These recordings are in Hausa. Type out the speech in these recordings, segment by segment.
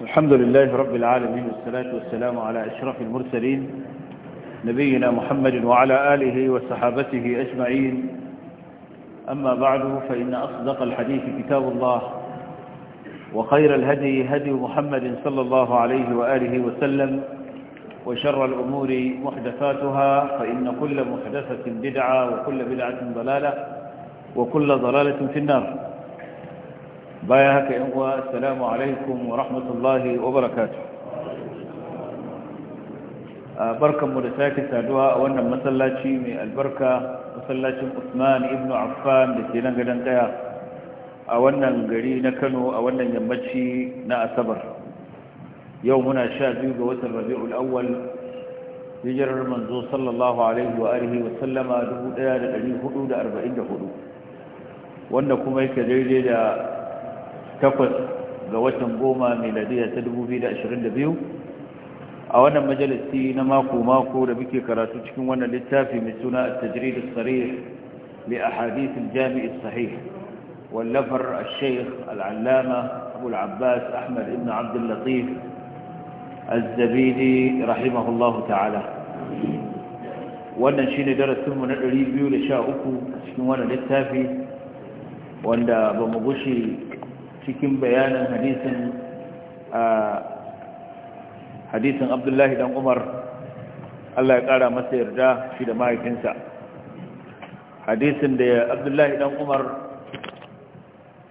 الحمد لله رب العالمين والصلاة والسلام على أشرف المرسلين نبينا محمد وعلى آله وصحابته أجمعين أما بعد فإن أصدق الحديث كتاب الله وخير الهدي هدي محمد صلى الله عليه وآله وسلم وشر الأمور محدثاتها فإن كل محدثة بدعة وكل بدعة ضلالة وكل ضلالة في النار bayan haka yan uwa assalamu alaikum wa rahmatullahi wa barakatuh barkanmu da sake saduwa a wannan masallaci mai albarka masallacin Usman ibn Affan da ke nan gadan ɗaya. a wannan gari na Kano a wannan yammaci na Asabar yau muna sha biyu ga watan Rabi'ul Awwal hijirar manzo sallallahu alaihi wa alihi wa sallama 1444 wanda kuma yake daidai da takwas ga watan goma miladiya ta 2022 a wannan majalisi na mako-mako da muke karatu cikin wannan littafi mai suna a tajiridus sarih li a hadithin jami'in sahih wallafar a sheikh al'allama abu al'abbas ahmad ibn abdullatif al-zabidi rahimahullahu ta'ala wannan shi ne darasinmu na 213 cikin wannan littafi wanda ba mu gushi cikin bayanin hadisin hadisin abdullahi dan umar allah ya kara masa yarda shi da mahaifinsa hadisin da abdullahi dan umar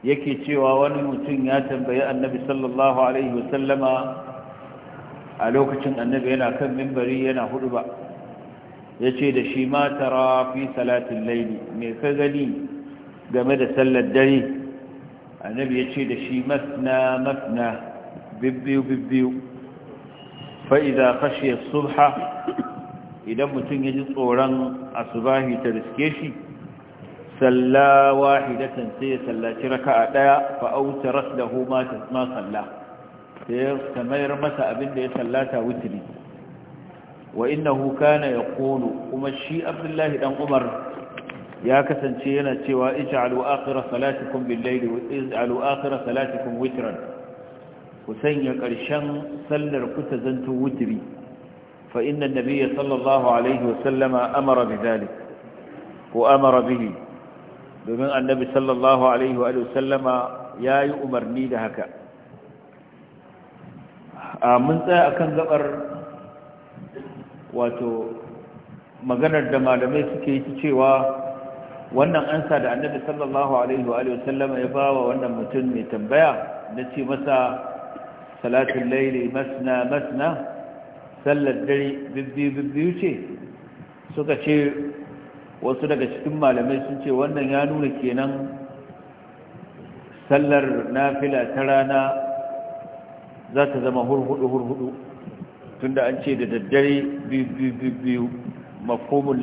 yake cewa wani mutum ya tambayi annabi sallallahu alaihi wasallama a lokacin annabi yana kan mimbari yana hudu ba ya ce da shi ma tara fi salatin laili mai ka gani game da sallar dare annabi ya ce da shi masna masna bibbiyu bibbiyu fa'iza kashe subha idan mutum ya ji tsoron asubahi ta riske shi salla wahidatan sai ya sallaci raka a ɗaya fa'auta Ta ma salla sai ya mayar masa abin da ya sallata wuturi wa innahu kana ya kono kuma shi abdullahi ɗan umar ya kasance yana cewa ij'alu akhira salatikum bil-layli wa ij'alu akhira salatikum witran ku sanya ƙarshen sallar ku ta zanto witri fa inna an-nabiyya sallallahu alayhi wa sallama amara bidhalik ko amara bihi domin annabi sallallahu alayhi wa sallama yayi umarni da haka a mun tsaya akan gabar wato maganar da malamai suke yi cewa wannan ansa da annabi sallallahu alaihi wa sallama ya bawa wannan mutum mai tambaya na ce masa salatun laili masna masna sallar dare bibbiyu ce suka ce wasu daga cikin malamai sun ce wannan ya nuna kenan sallar nafila ta rana za ta zama hurhudu-hurhudu tunda an ce da daddare biyu-biyu-biyu mafkomin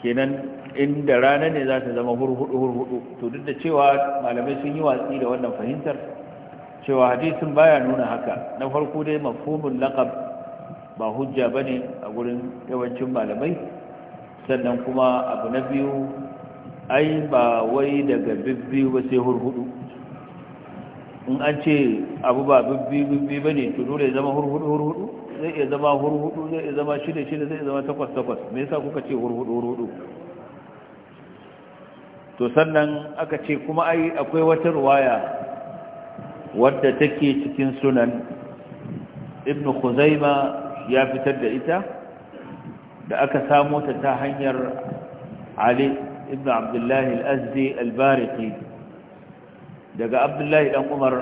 kenan inda rana ne za ta zama hurhudu hurhudu to duk da cewa malamai sun yi watsi da wannan fahimtar cewa hadisin baya nuna haka na farko dai mafhumin laqab ba hujja bane a gurin yawancin malamai sannan kuma abu na biyu ai ba wai daga bibbi ba sai hurhudu in an ce abu ba bibbi bibbi bane to dole ya zama hurhudu hurhudu zai iya zama hurhudu zai iya zama shida shida zai iya zama takwas takwas me yasa kuka ce hurhudu hurhudu to sannan aka ce kuma ai akwai wata ruwaya wadda take cikin sunan ibn khuzaima ya fitar da ita da aka samo ta ta hanyar ali ibn abdullahi al-azdi al-bariqi daga abdullahi dan umar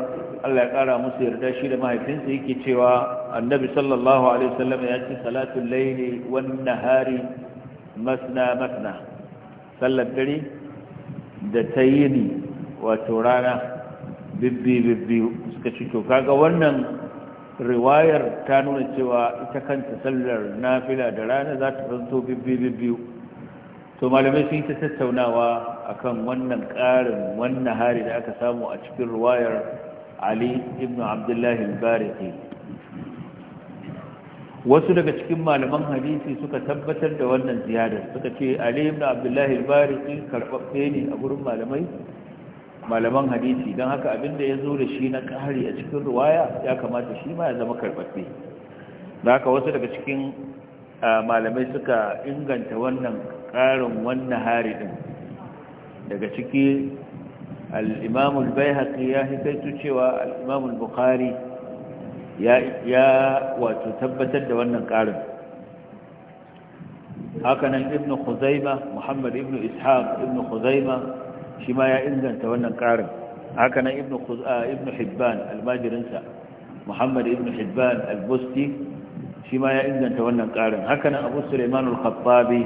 Allah ya kara musu yarda shi da mahaifinsa yake cewa annabi sallallahu alaihi wasallam ya ce salatul layli wan nahari masna masna sallar dare da ta yi ni, wato rana bibbi bibbi suka ci kaga wannan riwayar ta nuna cewa ita kanta sallar nafila da rana za ta zanto bibbi bibbi to malamai sun yi ta tattaunawa akan wannan ƙarin wannan hari da aka samu a cikin riwayar ali ibn abdullahi al-bariki wasu daga cikin malaman hadisi suka tabbatar da wannan ziyarar suka ce ali ibn abdullahi al-barisi karbabbe ne a gurin malamai malaman hadisi don haka abinda ya zo da shi na ƙari a cikin ruwaya ya kamata shi ma ya zama karbabbe da haka wasu daga cikin malamai suka inganta wannan ƙarin wannan hari din daga ciki al-imamul bayhaqi ya hikaitu cewa al-imamul bukhari ya wato tabbatar da wannan ƙarin hakanan ibn khuzaima muhammad ibn ishaq ibn khuzaima shi ma ya inganta wannan ƙarin hakanan ibn hibban almajirinsa muhammad ibn hibban albusti shi ma ya inganta wannan ƙarin hakanan abu suleiman al-khattabi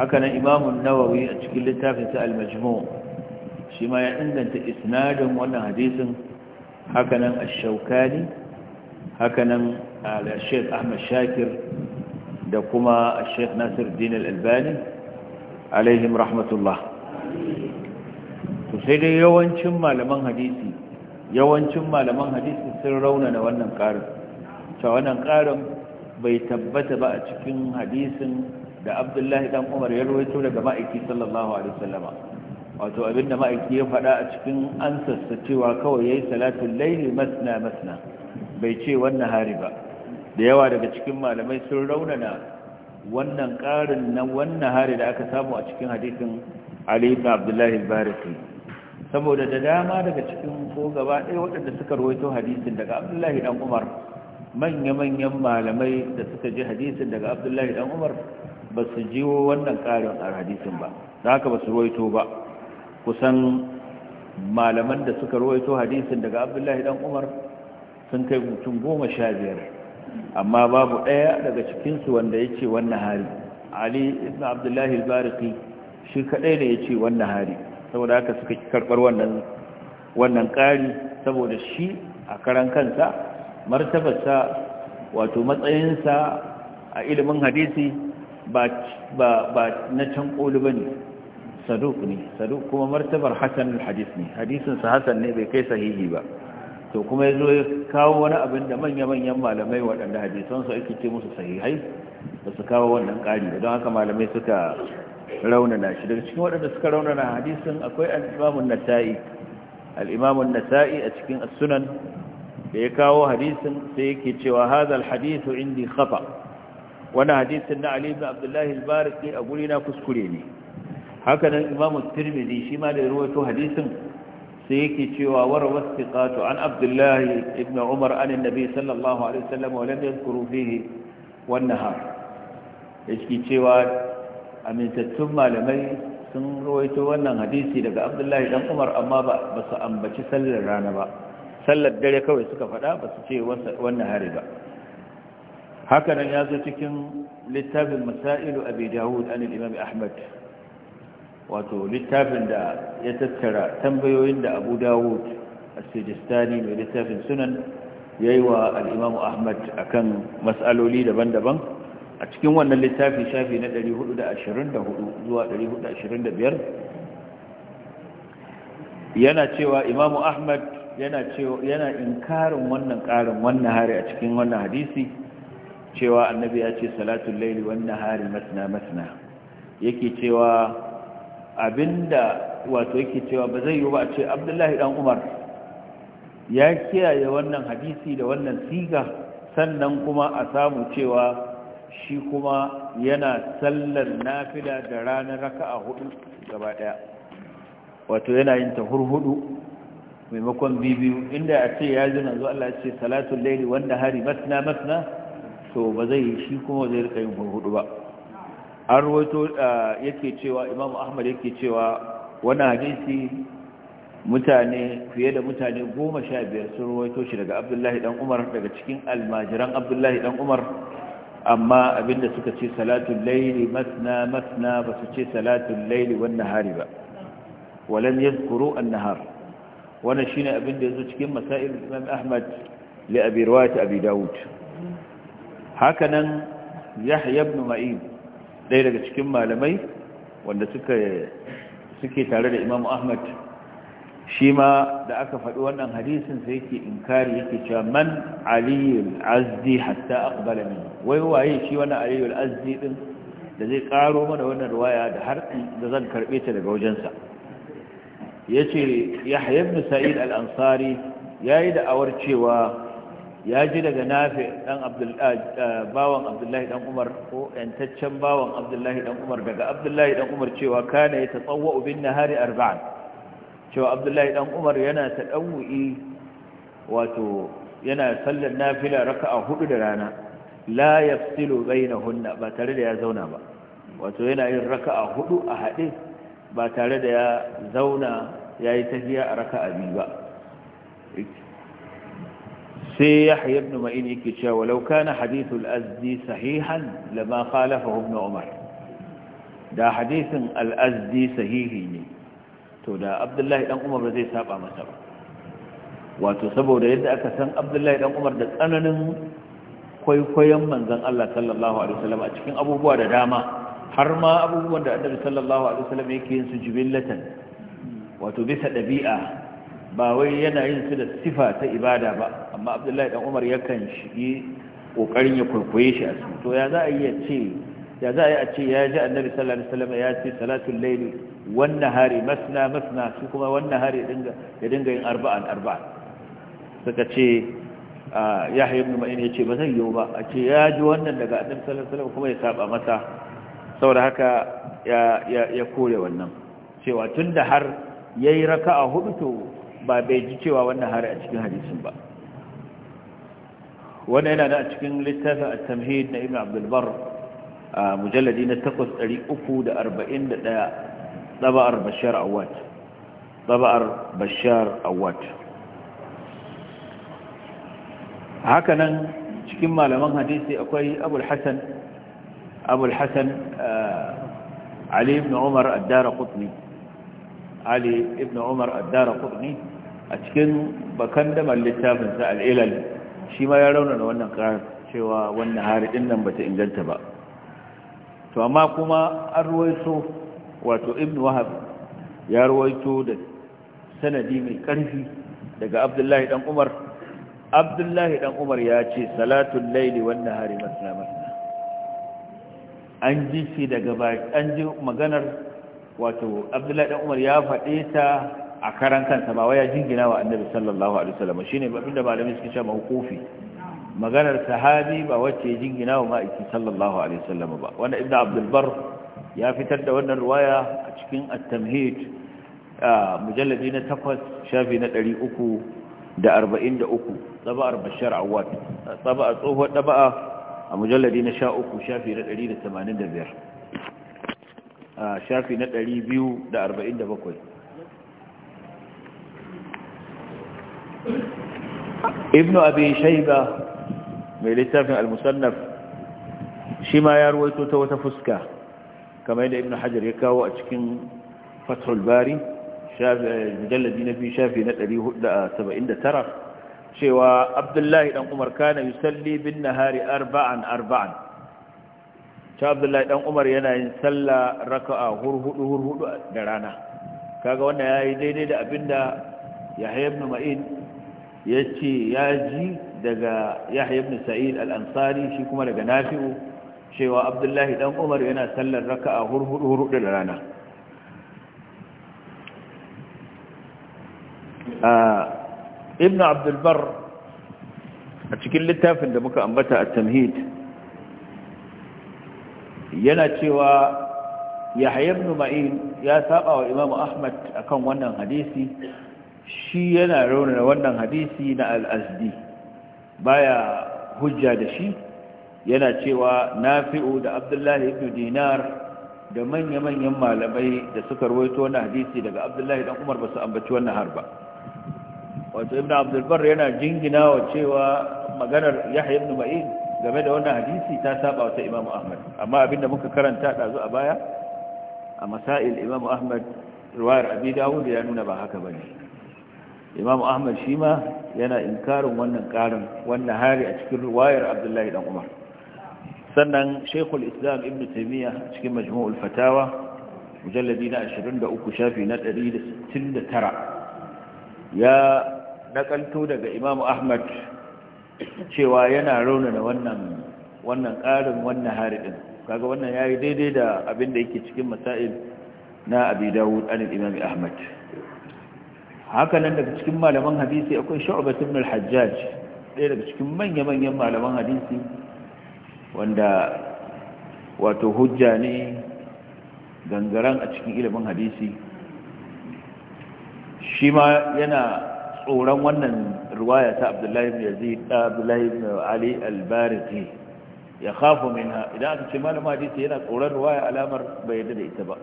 hakanan imamun nawawi a cikin littafinsa al-majmu shi ma ya inganta isnadin wannan hadisin hakanan ash-shawkani hakanan al-sheikh ahmad shakir da kuma al-sheikh nasir din al-albani alaihim rahmatullah to sai dai yawancin malaman hadisi yawancin malaman hadisi sun raunana wannan karin cewa wannan karin bai tabbata ba a cikin hadisin da abdullahi dan umar ya rawaito daga ma'aiki sallallahu alaihi wasallama wato abinda ma'aiki ya faɗa a cikin ansarsa cewa kawai yayi salatul layli masna masna bai ce wannan hari ba da yawa daga cikin malamai sun raunana wannan ƙarin na wannan hari da aka samu a cikin hadisin Ali na Abdullahi barisi saboda da dama daga cikin ko gaba ɗaya waɗanda suka rawaito hadisin daga Abdullahi dan Umar manya-manyan malamai da suka ji hadisin daga Abdullahi dan Umar ba su jiwo wannan ƙarin a hadisin ba da haka ba su rawaito ba kusan malaman da suka rawaito hadisin daga Abdullahi dan Umar sun kai mutum goma sha biyar amma babu ɗaya daga cikinsu wanda ya ce wannan hari ali ibn abdullahi bariki shi kaɗai ne ya ce wannan hari saboda haka suka karɓar wannan wannan ƙari saboda shi a karan kansa martabarsa wato matsayinsa a ilimin hadisi ba na can ƙoli ba ne saduk ne saduk kuma martabar hassan hadis ne hadisinsa hassan ne bai kai sahihi ba to kuma ya zo ya kawo wani abin da manya-manyan malamai waɗanda hadisansu ake ce musu sahihai ba su kawo wannan ƙari da don haka malamai suka raunana shi daga cikin waɗanda suka raunana hadisin akwai al'imamun nasa'i al'imamun nasa'i a cikin sunan da ya kawo hadisin sai yake cewa hadal hadisu indi khata wani hadisin na ali ibn abdullahi al-bariki a guri na kuskure ne haka nan imamu tirmidhi shi ma da ya rawaito hadisin sai yake cewa wara wasiqatu an abdullahi ibn umar an annabi sallallahu alaihi wasallam wa lam yadhkuru fihi wan nahar yake cewa amintattun malamai sun rawaito wannan hadisi daga abdullahi dan umar amma ba su ambaci sallar rana ba sallar dare kawai suka faɗa ba su ce wannan hari ba hakanan ya zo cikin littafin masailu abi dawud an al-imam ahmad wato littafin da ya tattara tambayoyin da abu dawud a sijistani mai littafin sunan ya yi wa al'imamu ahmad a kan matsaloli daban-daban a cikin wannan littafi shafi na 424 zuwa 425 yana cewa imamu ahmad yana cewa yana inkarin wannan ƙarin wannan hari a cikin wannan hadisi cewa annabi ya ce salatun laili wannan hari masna masna yake cewa abinda wato yake cewa ba zai yi ba a ce abdullahi dan umar ya kiyaye wannan hadisi da wannan siga sannan kuma a samu cewa shi kuma yana sallar nafila da ranar raka'a hudu gaba daya wato yana yin ta hurhudu maimakon bibiyu inda a ce ya ji zuwa Allah ce salatul laili wanda hari masna masna to ba zai shi kuma zai rika yin hurhudu ba an ruwaito yake cewa imam ahmad yake cewa wani hadisi mutane fiye da mutane goma sha biyar sun ruwaito shi daga abdullahi dan umar daga cikin almajiran abdullahi dan umar amma abinda suka ce salatun laili masna masna ba su ce salatun laili wannan hari ba walan yazkuru annahar wannan shine abinda zo cikin masail imam ahmad li abi Dawud. abi nan hakanan yahya ibn ma'in ɗaya daga cikin malamai wanda suke tare da Imam ahmad shi ma da aka faɗi wannan hadisin sai yake inkari yake cewa man aliyul azdi hatta aqbala min wai waye shi wannan aliyul azdi din da zai ƙaro mana wannan riwaya da har da zan karbe ta daga wajensa yace yahya ibn sa'id al-ansari yayi da awar cewa ya ji daga nafi dan ah, bawan abdullahi dan umar ko yantaccen bawan abdullahi dan umar daga abdullahi dan umar cewa kana ya tatsawwa bin nahari arba'an cewa abdullahi dan umar yana tadawwi wato yana sallar nafila raka'a hudu da rana la yafsilu bainahunna ba tare da ya zauna ba wato yana yin raka'a hudu a hade ba tare da ya zauna yayi tafiya a raka'a biyu ba sai yahya ibn maini yake cewa walau kana hadithul azdi sahihan lama khalafahu ibn umar da hadisin al-azdi sahihi ne to da abdullahi dan umar ba zai saba masa ba wato saboda yadda aka san abdullahi dan umar da tsananin kwaikwayon manzon Allah sallallahu alaihi wasallam a cikin abubuwa da dama har ma abubuwan da annabi sallallahu alaihi wasallam yake yin su jibillatan wato bisa dabi'a ba wai yana yin su da sifa ta ibada ba amma abdullahi dan umar yakan shige kokarin ya kwaikwaye shi a su to ya za a iya ce ya za a yi a ce ya ji annabi sallallahu alaihi wasallam ya ce salatul layl wan nahari masna masna su kuma wan nahari dinga ya dinga yin arba'an arba'an suka ce ya yahya ibn ma'in ya ce ba zai yiwu ba a ce ya ji wannan daga annabi sallallahu alaihi wasallam kuma ya saba masa saboda haka ya ya kore wannan cewa tunda har yayi raka'a hudu to ba bai ji cewa wannan hari a cikin hadisin ba wannan yana da a cikin littafin a tamhid na ibn abdul bar a mujalladi na 8341 daba'ar bashar awad daba'ar bashar awad hakanan cikin malaman hadisi akwai abul abul ali ibn umar ad-darqutni ali ibn umar ad a cikin bakan damar littafinsa al'ilal shi ma ya raunana wannan karar cewa wannan hari din nan bata inganta ba to amma kuma an ruwaito wato ibn wahab ya ruwaito da sanadi mai ƙarfi daga abdullahi dan umar abdullahi dan umar ya ce salatun laili wannan hari masna masna an ji shi daga an ji maganar wato abdullahi dan umar ya faɗe ta a karan kansa ba waya jingina wa annabi sallallahu alaihi wasallam shine ba malami suke cewa mawqufi maganar sahabi ba wacce jingina wa ma'aiki sallallahu alaihi wasallam ba wanda ibnu abdul bar ya fitar da wannan riwaya a cikin at-tamhid mujalladi na 8 shafi na 343 taba'ar bashar awad taba'a tsohuwar taba'a a mujalladi na 13 shafi na 185 shafi na 247 ابن أبي شيبة من الاتفاق المصنف شما يروي توتو تفسكا كما يدى ابن حجر يكاو أتكين فتح الباري شاف مجلد النبي شافي نتلي هدى سبعين إند ترى شوى عبد الله بن عمر كان يسلي بالنهار أربعا أربعا شاب عبد الله بن عمر ينا ينسلى ركعة هر هدو هر هدو درانا كاقوانا يا يديني دا أبن دا يحيى بن مئين ya ce ya ji daga yahya ibn sa'id al-ansari shi kuma daga nafi'u cewa abdullahi dan umar yana sallar raka'a hurhudu da rana ibn abdulbar a cikin littafin da muka ambata a tamhid yana cewa yahya ibn ma'in ya saba wa imamu ahmad akan wannan hadisi shi yana raunana wannan hadisi na al'azdi baya hujja da shi yana cewa na nafi'u da abdullahi ibn dinar da manya-manyan malamai da suka rawaito wannan hadisi daga abdullahi dan umar ba su ambaci wannan harba. wato ibn abdulbar yana jingina wa cewa maganar yahya ibn ma'in game da wannan hadisi ta saba wata imamu ahmad amma abin da muka karanta ɗazu a baya a masail imamu ahmad ruwayar abi dawud ya nuna ba haka bane imam ahmad shi ma yana inkarin wannan karin wannan hari a cikin riwayar abdullahi dan umar sannan shekul islam ibn taimiyya a cikin majmu'ul fatawa mujalladi na 23 shafi na 169 ya nakalto daga imam ahmad cewa yana raunana wannan wannan karin wannan hari din kaga wannan yayi daidai da abin da yake cikin masail na abi dawud an imam ahmad haka nan daga cikin malaman hadisi akwai shu'bat ibn al-hajjaj ɗaya daga cikin manya-manyan malaman hadisi wanda wato hujja ne gangaran a cikin ilimin hadisi shi ma yana tsoron wannan ruwaya ta abdullahi ibn yazid abdullahi ali al ya kafa minha idan aka ce malamin hadisi yana tsoron ruwaya alamar bai yadda da ita ba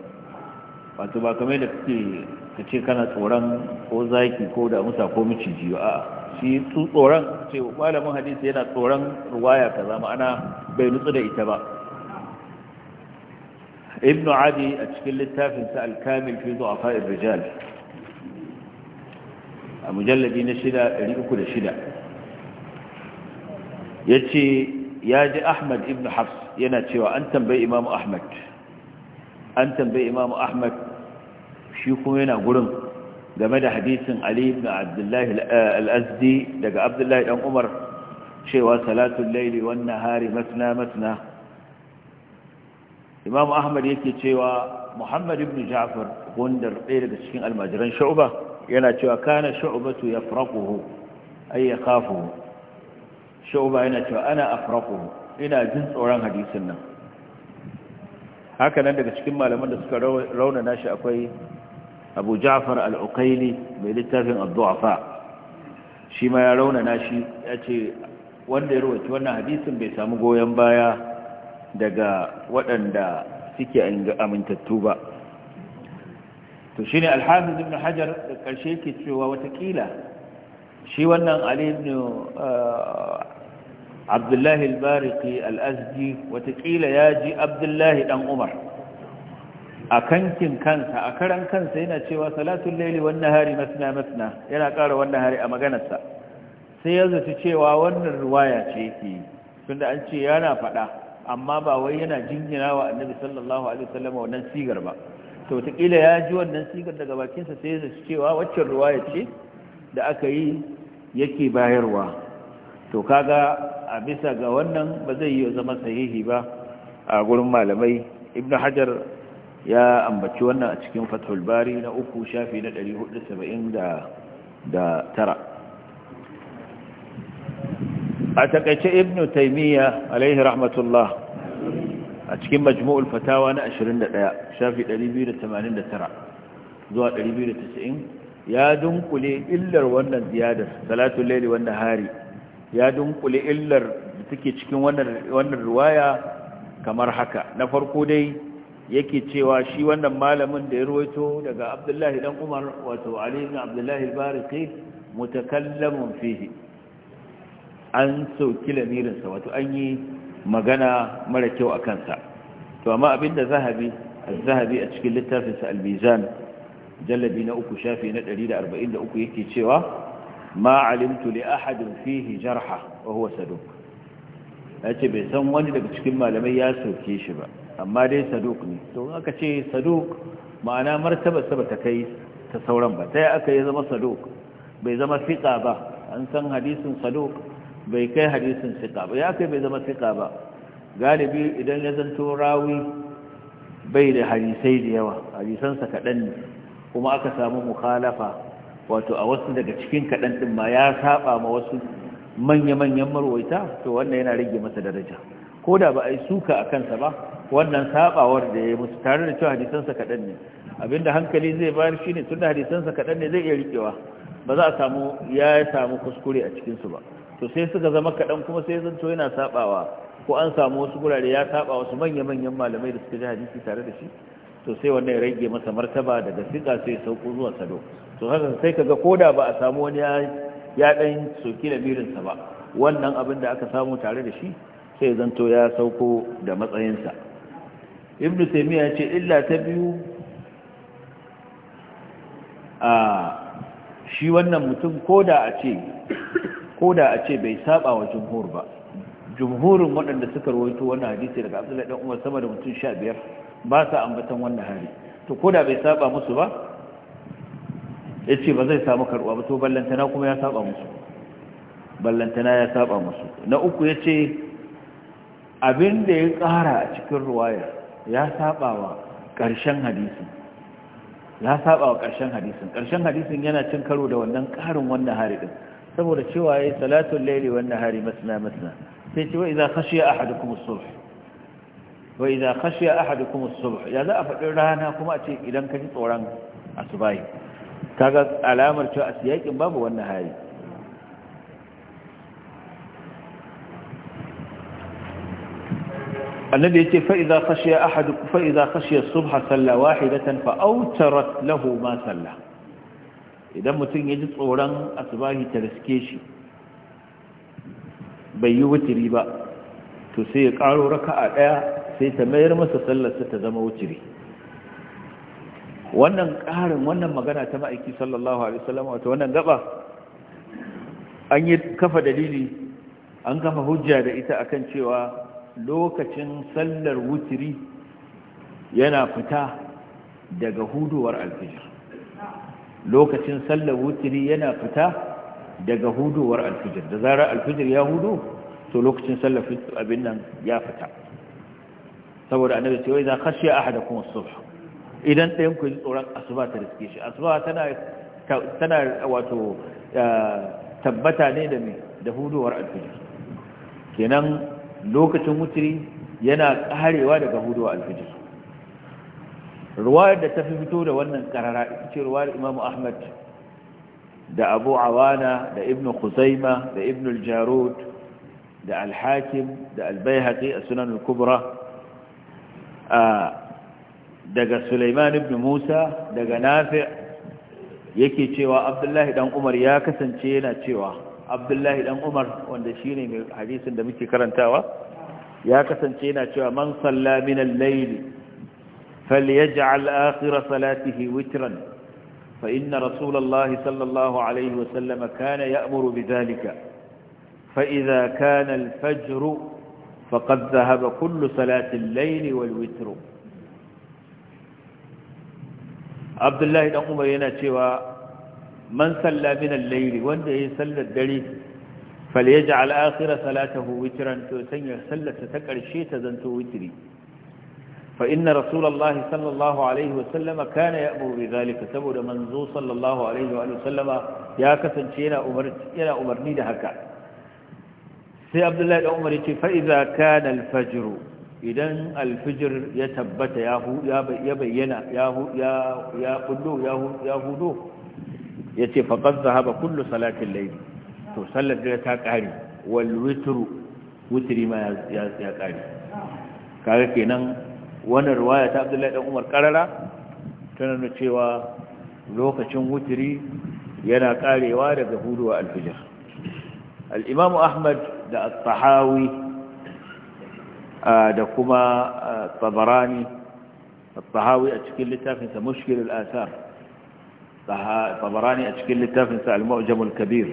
wato ba kamar da kake ka ce kana tsoron ko zaki ko da musa ko miciji a shi tsoron ce malamin hadisi yana tsoron ruwaya kaza ma'ana bai nutsu da ita ba ibnu adi a cikin littafin sa alkamil fi zuwa fa'ir rijal a mujalladi na da shida ya ce ya ji ahmad ibnu hafs yana cewa an tambayi imamu ahmad an tambayi imamu ahmad shi kuma yana gurin game da hadisin ali ibn abdullahi eh, al-azdi daga abdullahi dan umar cewa salatul laili wan nahari matna matna imam ahmad yake cewa muhammad ibn ja'far gundar ɗaya daga cikin almajiran shu'ba yana cewa kana shu'batu yafraquhu ay yakhafuhu shu'ba yana cewa ana afraquhu ina jin tsoron hadisin nan haka nan daga cikin malaman da suka raunana shi akwai abu ja'far al mai littafin abduafa duafa shi ma ya raunana shi ya ce wanda ya rubuta wannan hadisin bai samu goyon baya daga waɗanda suke amintattu ba to shi ne Alhamis ibn hajar da karshe ke cewa watakila shi wannan ali ibn uh, abdullahi al al watakila ya ji abdullahi dan umar a kankin kansa a karan kansa yana cewa salatun laili wannan hari masna masna yana ƙara wannan hari a maganarsa sai ya zaci cewa wannan ruwaya ce yake tunda an ce yana faɗa amma ba wai yana jingina wa annabi sallallahu alaihi wasallam wannan sigar ba to wataƙila ya ji wannan sigar daga bakinsa sai ya zaci cewa waccan ruwaya ce da aka yi yake bayarwa to kaga a bisa ga wannan ba zai yi zama sahihi ba a gurin malamai ibnu hajar ya ambaci wannan a cikin fathul bari na uku shafi na 479 a takaice ibn taimiyya alaihi rahmatullah a cikin majmu'ul fatawa na 21 shafi 289 zuwa 290 ya dunkule illar wannan ziyadar salatun laili wannan hari ya dunkule illar da take cikin wannan riwaya kamar haka na farko dai yake cewa shi wannan malamin da ya ruwaito daga abdullahi dan umar wato ali ibn abdullahi al-bariki mutakallamun fihi an sauki lamirinsa wato an yi magana mara kyau a kansa to amma abinda zahabi zahabi a cikin littafinsa albizan, mizan jallabi na uku shafi na 143 yake cewa ma alimtu li ahadin fihi jarha wa huwa saduq yace bai san wani daga cikin malamai ya sauke shi ba amma dai saduk ne to aka ce saduk ma'ana martaba ba bata kai ta sauran ba ta aka yi zama saduk bai zama fiqa ba an san hadisin saduk bai kai hadisin fiqa ba ya kai bai zama fiqa ba galibi idan ya zanto rawi bai da hadisai da yawa hadisansa kaɗan ne kuma aka samu mukhalafa wato a wasu daga cikin kaɗan ɗin ma ya saba ma wasu manya-manyan marwaita to wannan yana rage masa daraja ko da ba a yi suka a kansa ba wannan sabawar da ya musu tare da cewa hadisansa kaɗan ne abinda hankali zai bayar shi ne tun da hadisansa kaɗan ne zai iya riƙewa ba za a samu ya samu kuskure a cikinsu ba to sai suka zama kaɗan kuma sai to yana sabawa ko an samu wasu gurare ya saba wasu manya-manyan malamai da suka ji hadisi tare da shi to sai wannan ya rage masa martaba daga siga sai sauko zuwa sado to haka sai kaga da ba a samu wani ya ɗan soki da birinsa ba wannan abin da aka samu tare da shi sai zanto ya sauko da matsayinsa ibn taymiya ya ce illa ta biyu a shi wannan mutum koda a ce koda a ce bai saba wa jumhur ba jumhurin waɗanda suka rawaito wannan hadisi daga abdullahi dan umar sama da mutum 15 ba sa ambatan wannan hari to koda bai saba musu ba yace ba zai samu karuwa ba to ballantana kuma ya saba musu ballantana ya saba musu na uku yace abin da ya ƙara a cikin ruwayar ya wa ƙarshen hadisin ya wa ƙarshen hadisin ƙarshen hadisin yana cin karo da wannan ƙarin wannan hari din saboda cewa yayi salatul layli wannan hari masna masna sai ce wa idza khashiya ahadukum as-subh wa idza khashiya ahadukum as-subh ya za a faɗi rana kuma a ce idan ka ji tsoron asubahi kaga alamar cewa a siyakin babu wannan hari annabi yace fa idza khashiya ahad fa idza khashiya subha salla wahidatan fa awtarat lahu ma salla idan mutum yaji tsoron asbahi ta riske shi bai yi wutiri ba to sai ya karo raka'a daya sai ta mayar masa sallar ta zama wutiri wannan karin wannan magana ta ma'aiki sallallahu alaihi wasallam wato wannan gaba an yi kafa dalili an kafa hujja da ita akan cewa lokacin sallar wutiri yana fita daga huduwar alfijir lokacin sallar wutiri yana fita daga huduwar alfijir da zarar alfijir ya hudu to lokacin sallar abin nan ya fita saboda annabi ce wai za khashiya ahadakum as-subh idan ɗayan ku ji tsoron asuba ta riske shi asuba tana tana wato eh, tabbata ne da me da huduwar alfijir kenan lokacin wutiri yana karewa daga hudu alfijir ruwayar da ta fi fito da wannan karara ita ce ruwayar imamu ahmad da abu awana da ibn khuzaima da ibn al-jarud da al-hakim da al a sunan al-kubra daga Suleiman ibn Musa daga Nafi' yake cewa Abdullahi dan Umar ya kasance yana cewa abdullahi dan umar wanda shine mai hadisin da muke karantawa ya kasance yana cewa man salla min al-layl falyaj'al akhir salatihi witran fa inna rasulallahi sallallahu alaihi wa sallam kana ya'muru bidhalika fa idha kana al-fajr faqad dhahaba kullu salati al-layl wal-witr abdullahi dan umar yana cewa man salla min al-layli wanda yayi sallar dare falyaj'al akhir salatahu witran to sanya sallarsa ta karshe ta zanto witri fa inna rasulullahi sallallahu alaihi wa sallama kana ya'muru bi zalika saboda manzo sallallahu alaihi wa sallama ya kasance yana umarni da haka sai abdullahi da umar yace fa idan alfijir ya tabbata ya bayyana ya hudu ya ya hudu ya ce faƙar zahaba kullu salatin laili to sallar dare ta ƙari wal wuturi ma ya ƙari kaga kenan wannan ruwaya ta abdullahi umar karara tana nuna cewa lokacin wuturi yana ƙarewa daga huduwa alfijir al al'imamu ahmad da at da kuma tabarani at a cikin littafinsa mushkilul asar tabarani a cikin littafinsa al-mu'jamul kabir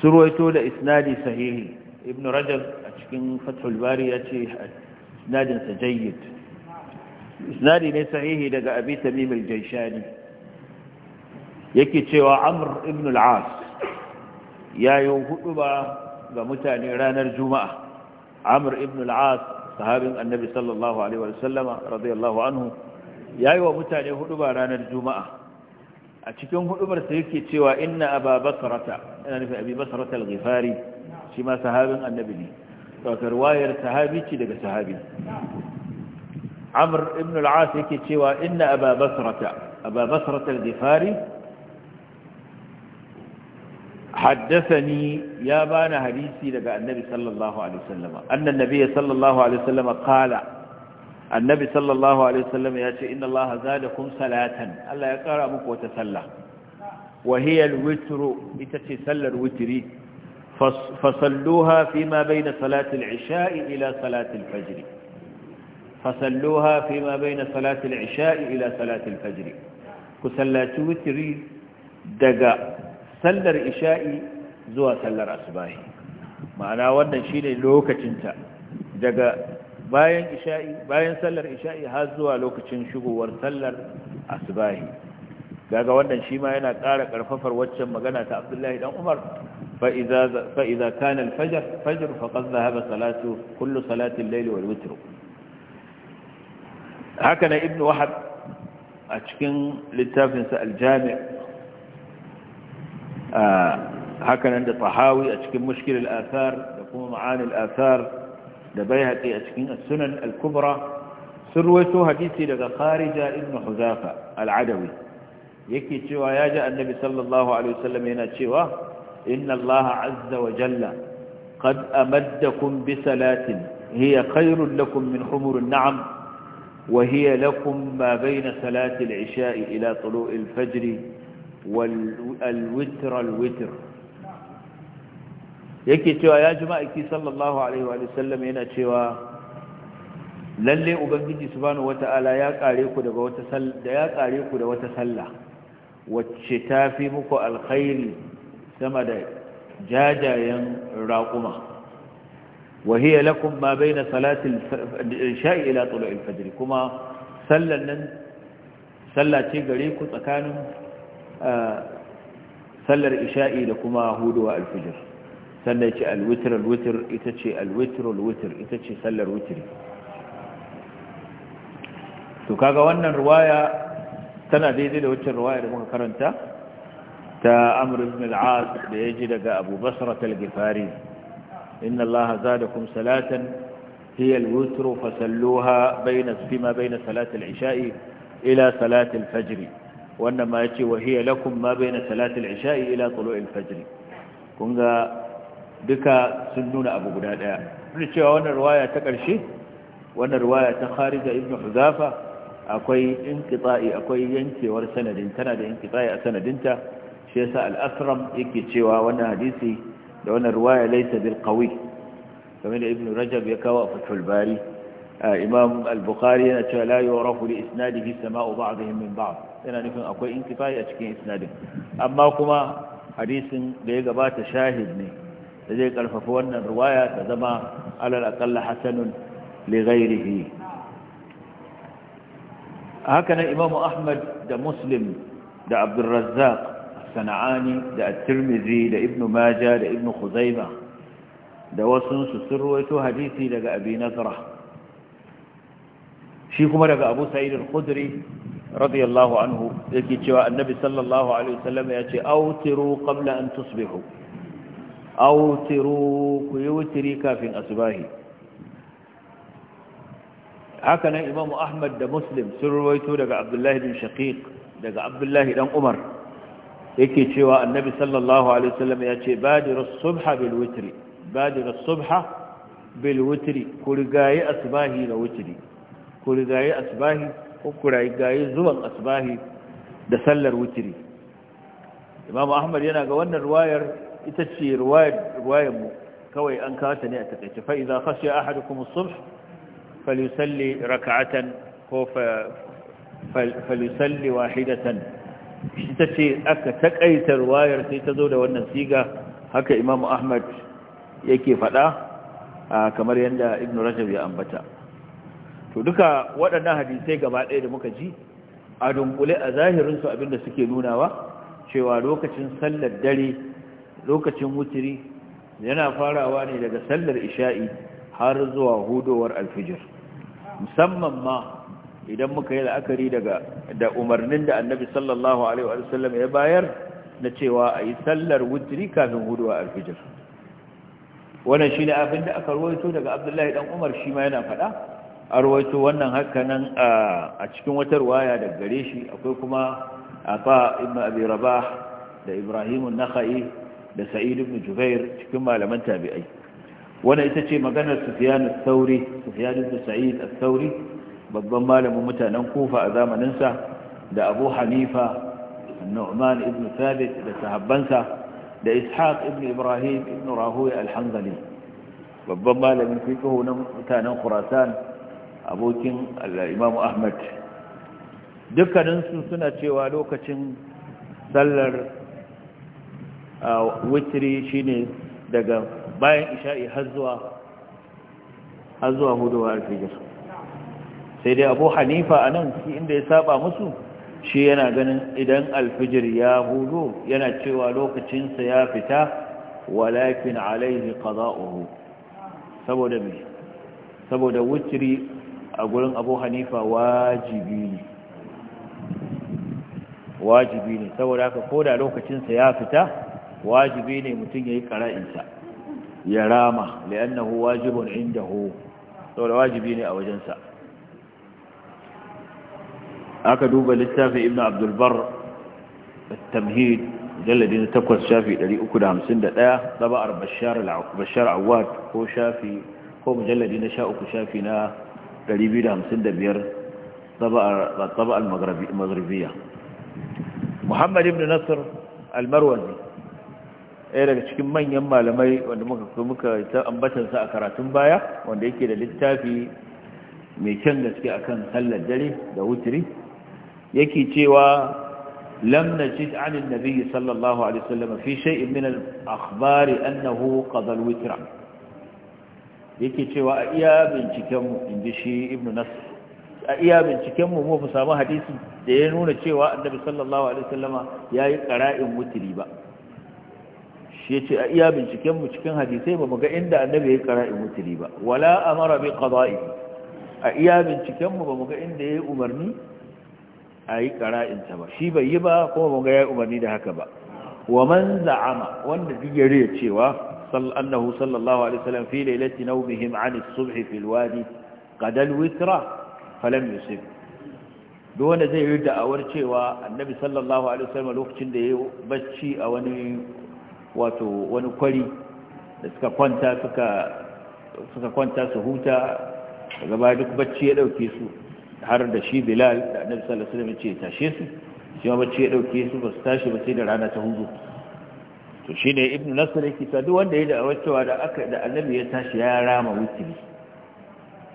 surwaito da isnadi sahihi ibn rajab a cikin fathul bari ya ce isnadin sa jayyid isnadi ne sahihi daga abi tamim al-jayshani yake cewa amr ibn al-as yayin huduba ga mutane ranar juma'a amr ibn al-as sahabin annabi sallallahu alaihi wa sallama radiyallahu anhu ya yi wa mutane hudu ba ranar juma'a a cikin hudubar sa yake cewa inna aba basarata yana nufin abi basarata al-ghifari shi ma sahabin annabi ne daga wayar sahabi ce daga sahabi amr ibn al-as yake cewa inna aba basarata aba basarata al-ghifari حدثني يا بان حديثي لقى النبي صلى الله عليه وسلم أن النبي صلى الله عليه وسلم قال annabi sallallahu alaihi wasallam ya ce inna allaha zadakum salatan Allah ya kara muku wata sallah wa hiya alwitru ita ce sallar witri fasalluha fima bayna salati ila salati fasalluha fima bayna salati ishai ila salati al ku sallati witri daga sallar isha'i zuwa sallar asbahi ma'ana wannan shine lokacinta daga bayan isha'i bayan sallar isha'i har zuwa lokacin shigowar sallar asbahi daga wannan shi ma yana ƙara ƙarfafar waccan magana ta abdullahi dan umar fa fa fa iza iza kana al-fajr al-layl fajr qad dhahaba salatu kullu salati فإذا كان الفجر فجر فقد ذهب صلاته كل صلاة الليل والوتر هكذا haka nan da tahawi a cikin mushkil al-athar da kuma ma'ani al-athar da bai haƙe a cikin sunan al-kubra sun ruwaito hadisi daga kharija ibn huzafa al-adawi yake cewa ya ji annabi sallallahu alaihi wasallam yana cewa inna Allah azza wa jalla qad amaddakum bi salatin hiya khairun lakum min humurin na'am wa hiya lakum ma bayna salati al-isha'i ila tulu'il fajr wal witr al-witr yake cewa ya ji ma'aiki sallallahu alaihi wa sallam yana cewa lalle ubangiji subhanahu wata'ala ya kare ku daga wata da ya kare ku da wata sallah wacce ta fi muku alkhairi sama da jajayen raquma wa hiya lakum ma bayna salati al-isha'i ila tulu'il fajr kuma sallan nan sallah ce gare ku tsakanin eh, sallar isha'i da kuma hudu wa al-fajr sannan ce alwitir ita ce ita ce sallar witiri to kaga wannan ruwaya tana daidai da waccan ruwaya da muka karanta ta amr ibn al-as da yaji daga abu basra al-ghifari inna allaha zadakum salatan هي الوتر فسلوها بين فيما بين صلاة العشاء إلى صلاة الفجر وإنما يتي وهي لكم ما بين صلاة العشاء إلى طلوع الفجر كنغا duka sun nuna abu guda daya duk cewa wannan riwaya ta karshe wannan riwaya ta Kharija Ibnu Huzafa akwai inqita'i akwai yankewar sanadin tana da inqita'i a sanadinta shi yasa al-Asram yake cewa wannan hadisi da wannan riwaya laysa bil qawi kamar da Ibnu Rajab ya kawo a Fathul Bari Imam Al-Bukhari yana cewa la yu'rafu li isnadihi sama'u ba'dihim min ba'd yana nufin akwai inqita'i a cikin isnadin amma kuma hadisin da ya gabata shahid ne da zai karfafa wannan ruwaya ta zama alal akalla hasanun li ghairihi haka nan imamu ahmad da muslim da abdurrazzaq sana'ani da attirmizi da ibnu maja da ibnu khuzaimah da wasu su hadisi daga abi shi kuma daga abu sa'id al-khudri radiyallahu anhu yake cewa annabi sallallahu alaihi wasallam ya ce autiru qabla an tusbihu autiru ku yi wutiri kafin asubahi haka nan imamu ahmad da muslim sun ruwaito daga abdullahi bin shaqiq daga abdullahi dan umar yake cewa annabi sallallahu alaihi wasallam ya ce badirus subha bil witri badirus subha bil witri ku rigayi asbahi da witri ku rigayi asbahi ko ku rigayi zuwan asbahi da sallar witri imam ahmad yana ga wannan ruwayar ita ce ruwayenmu mu kawai an kata ne a takaice fa idza khashiya ahadukum as-subh ko falyusalli wahidatan ita ce aka takaita ruwayar sai ta zo da wannan siga haka imamu ahmad yake fada kamar yadda ibn rajab ya ambata to duka waɗannan hadisai gaba ɗaya da muka ji a dunkule a zahirinsu abinda suke nunawa cewa lokacin sallar dare lokacin wutiri yana farawa ne daga sallar isha'i har zuwa hudowar alfijir musamman ma idan muka yi la'akari da umarnin da annabi sallallahu alaihi wa sallam ya bayar na cewa a yi sallar wutiri kafin hudowar alfijir wannan shi ne abin da aka ruwaito daga abdullahi dan umar shi ma yana faɗa a ruwaito wannan hakanan a cikin wata ruwaya da gare shi akwai kuma a fa ibn abi rabah da ibrahimun nakha'i da sa'idu ibn jubair cikin malaman tabi'ai wani ita ce maganar sufyan al sauri sufyan da sa'id al babban malamin mutanen kufa a zamaninsa da abu hanifa nu'man ibn thabit da sahabbansa da ishaq ibn ibrahim ibn rahuya al-hanzali babban malamin fiqh na mutanen khurasan abokin al-imam ahmad dukkaninsu suna cewa lokacin sallar witri shine daga bayan isha'i har zuwa har zuwa hudu wa alfijir sai dai abu hanifa a nan inda ya saba musu shi yana ganin idan alfijir ya hudu yana cewa lokacinsa ya fita walakin alaihi qada'uhu saboda mai saboda witri a gurin abu hanifa wajibi ne wajibi ne saboda haka da lokacinsa ya fita wajibi ne mutum ya yi ƙara'insa ya rama li'annahu wajibun indahu saboda wajibi ne a wajensa aka duba littafi ibn abdulbar tamhid jalladi na takwas shafi 351 ɗaba'ar bashar awad ko shafi ko mujalladi na sha uku shafi na 255 ɗaba'ar magharibiya muhammad ibn nasir almarwazi ɗaya daga cikin manyan malamai wanda muka muka ambatansa a karatun baya wanda yake da littafi mai kyan gaske akan sallar dare da wutiri yake cewa lamna najid anin annabi sallallahu alaihi wasallam fi shay'in min al-akhbar annahu qada al yake cewa a iya binciken mu inji shi Ibn nasr a iya binciken mu mu samu hadisi da ya nuna cewa annabi sallallahu alaihi wasallama yayi qara'in wutiri ba shi yace a iya binciken mu cikin hadisai ba mu ga inda annabi ya kara qara'in wutri ba wala amara bi qada'i a iya binciken mu ba mu ga inda yayi umarni a yi qara'in ta ba shi bai yi ba kuma mu ga yayi umarni da haka ba wa man za'ama wanda duk ya cewa annahu sallallahu alaihi wasallam fi lailati nawmihim 'an as-subh fi al-wadi qad al-witra falam yusib duk wanda zai yi da'awar cewa annabi sallallahu alaihi wasallam lokacin da yayi bacci a wani wato wani kwari da suka kwanta suka suka kwanta su huta daga baya duk bacci ya dauke su har da shi bilal da annabi sallallahu alaihi wasallam ya ce tashe su shi ma bacci ya dauke su ba su tashi ba sai da rana ta hudu to shine Ibn nasr yake ta duk wanda ya da wacewa da aka da annabi ya tashi ya rama wutiri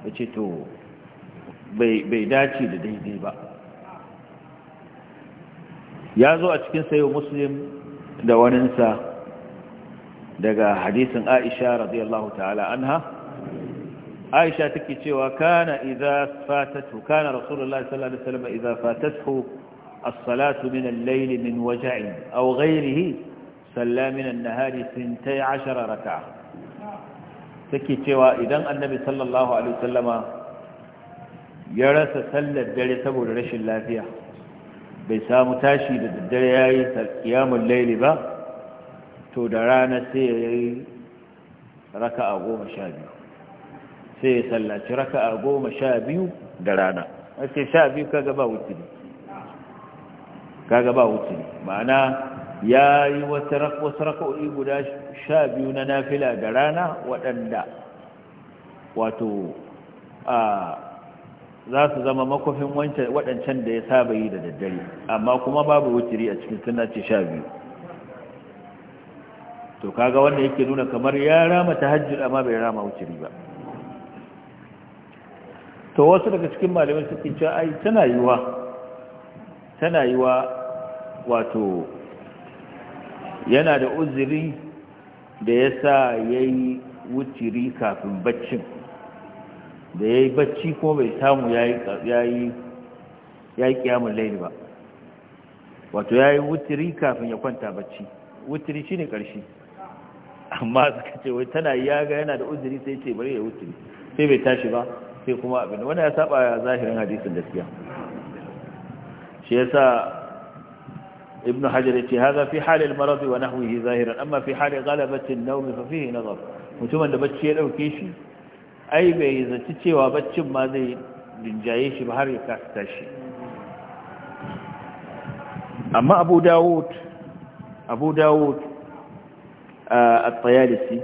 yace to bai bai dace da daidai ba ya zo a cikin sayo muslim da waninsa daga hadisin aisha radiyallahu ta'ala anha aisha take cewa kana idza fatatu kana rasulullahi sallallahu alaihi wasallam idza fatatu as-salatu min al-layl min waj'in aw ghayrihi salla min an-nahari 12 rak'a take cewa idan annabi sallallahu alaihi wasallama ya rasa sallar dare saboda rashin lafiya bai samu tashi da daddare yayi qiyamul layli ba to da rana sai ya yi a goma sha biyu sai ya sallaci a goma sha biyu da rana ake sha biyu kaga ba Ka kaga ba ne? ma'ana ya yi wasu raka'o'i guda sha biyu na nafila da rana waɗanda wato za su zama makofin waɗancan da ya saba yi da daddare amma kuma babu wuturi a cikin suna ce sha biyu to kaga wanda yake nuna kamar ya rama tahajjud amma bai rama wuciri ba to wasu daga cikin malamai suke cewa ai tana yiwa tana yiwa wato yana da uzuri da yasa yayi wuciri kafin baccin da yayi bacci ko bai samu yayi yayi yayi kiyamul ba wato yayi wuciri kafin ya kwanta bacci wuciri shine ƙarshe amma suka ce wai tana ya ga yana da uzuri sai ce bari ya wuce sai bai tashi ba sai kuma abin wani ya saba zahirin hadisin gaskiya shi yasa ابن حجر هذا في حال المرض amma fi أما في na غلبة النوم ففيه nazar mutumin da bacci ya dauke shi ai bai zaci cewa baccin ma zai dinjaye shi ba har ya kasa tashi amma abu dawud abu dawud آه، الطيالسي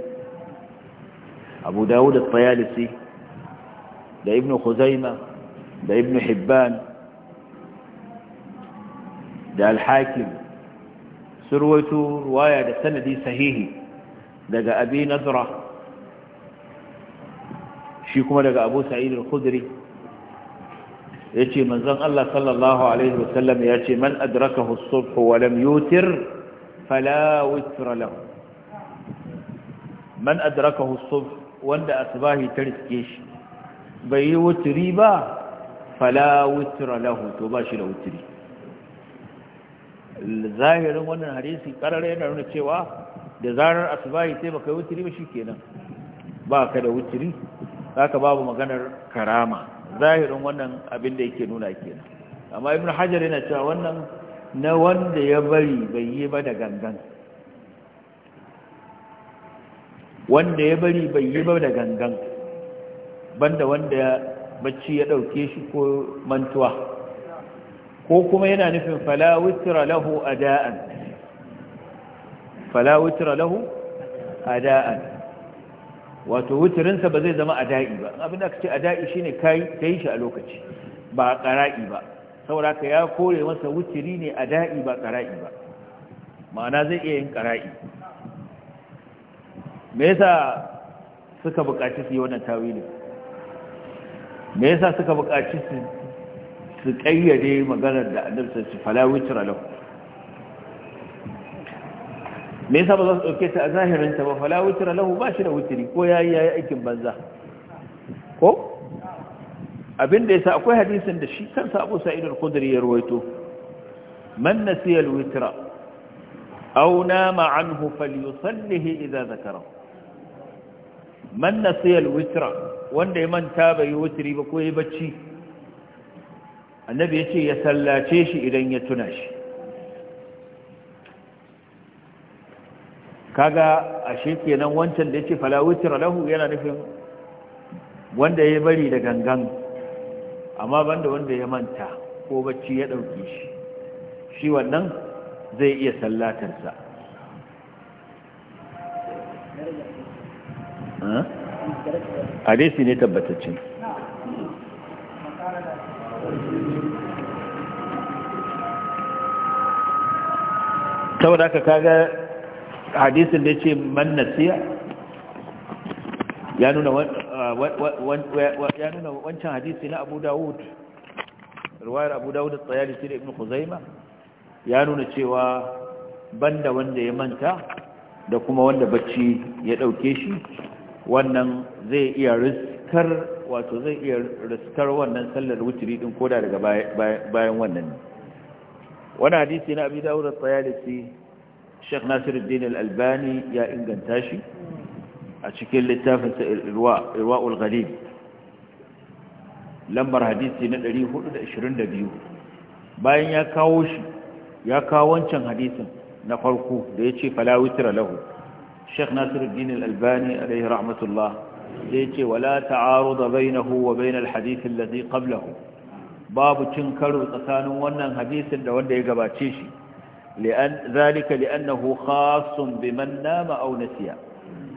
أبو داود الطيالسي ده ابن خزيمة ده ابن حبان ده الحاكم سروته رواية ده السنة دي سهيه ده أبي نظرة شيكما ده أبو سعيد الخدري يأتي من ذن الله صلى الله عليه وسلم يأتي من أدركه الصبح ولم يوتر فلا وتر له man adrakahu as wanda asbahi ta riske shi bai yi wutri ba fala wutra lahu to ba shi da wutri zahirin wannan hadisi karare yana nuna cewa da zarar asbahi sai baka yi wutri ba shikenan ba ka da wutri zaka babu maganar karama zahirin wannan abin da yake nuna kenan amma ibn hajar yana cewa wannan na wanda ya bari bai yi ba da gangan wanda ya bari bai yi ba da gangan banda wanda bacci ya dauke shi ko mantuwa ko kuma yana nufin falawitra lahu ada'an falawitra lahu ada'an wato wutirinsa ba zai zama ada'i ba abin da aka ce ada'i shine kai ta yi shi a lokaci ba ƙara'i ba saboda ka ya kore masa wutiri ne ada'i ba ƙara'i ba ma'ana zai iya yin ƙara'i me yasa suka buƙaci su yi wannan tawili me yasa suka buƙaci su su kayyade maganar da annabi sallallahu alaihi wasallam fala me yasa ba za su ɗauke ta a zahirinta ba fala witra lahu ba shi da wutiri ko ya yi aikin banza ko abin da yasa akwai hadisin da shi kansa Abu Sa'id Kudur khudri ya rawaito man nasiya al-witra aw nama anhu falyusallihi idza zakarahu man nasiyal witra wanda ya manta bai yi wutri ba ko ya bacci annabi yace ya sallace shi idan ya tuna shi kaga ashe kenan wancan da yace fala witra lahu yana nufin wanda ya bari da gangan amma banda wanda ya manta ko bacci ya dauke shi shi wannan zai iya sallatarsa hadisi ne tabbatacce saboda ka kaga hadisin da ya ce man nasiya ya nuna wancan hadisi na abu dawud ruwayar abu dawud da tsayari shi da ibn huzaima ya nuna cewa banda wanda ya manta da kuma wanda bacci ya ɗauke shi wannan zai iya riskar wato zai iya riskar wannan sallar wuturi din koda daga bayan wannan wani hadisi na abi dawud at-tayalisi Sheikh Nasiruddin al-Albani ya inganta shi a cikin littafin sa Irwaul Ghalib lambar hadisi na 422 bayan ya kawo shi ya kawo wancan hadisin na farko da yace fala witra lahu Sheikh Nasiruddin Al-Albani alayhi rahmatullah ya ce wala ta'arud bainahu wa bain al-hadith alladhi qablahu babu cin karo tsakanin wannan hadisin da wanda ya gabace shi li'an zalika li'annahu khassun biman nama aw nasiya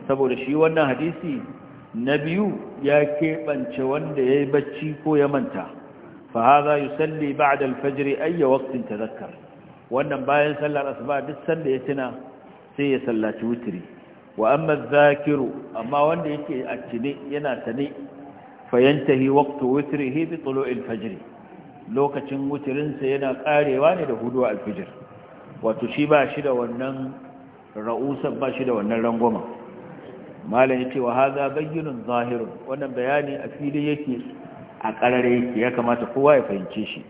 saboda shi wannan hadisi na biyu ya keɓance wanda ya yi bacci ko ya manta fa haza yusalli ba'da al-fajr ayya waqtin tadhakkar wannan bayan sallar asuba duk sanda ya tuna sai ya sallaci witri wa amma zakiru amma wanda yake a cine yana sane fayantahi waqtu witrihi bi tulu'il fajr lokacin wutirinsa yana karewa ne da hudu al-fajr wato shi ba shi da wannan ra'usan ba shi da wannan rangwama malam yace wa hadha bayyinun zahirun wannan bayani a fili yake a karare yake ya kamata kowa ya fahimce shi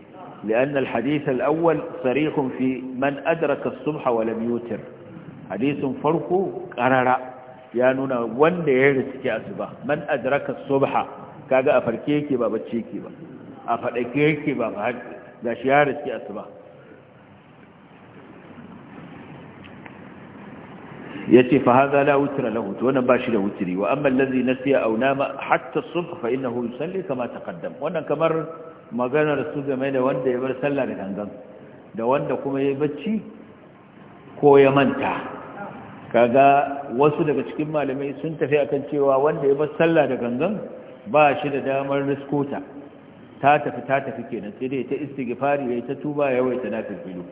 لأن الحديث الأول صريح في من أدرك الصبح ولم يوتر hadisin farko karara ya nuna wanda ya riske asuba man adraka subha kaga a farke yake ba bacci yake ba a fadake yake ba ba gashi ya riske asuba yace fa hadha la utra lahu to wannan bashi da wutri wa amma allazi nasiya aw nama hatta as-subh fa innahu yusalli kama taqaddam wannan kamar maganar su game da wanda ya bar sallah da gangan da wanda kuma ya bacci ko ya manta kaga wasu daga cikin malamai sun tafi akan cewa wanda ya bar sallah da gangan ba shi da damar riskota ta tafi ta tafi kenan sai dai ta istighfari yayi ta tuba ya wai ta nafil bilu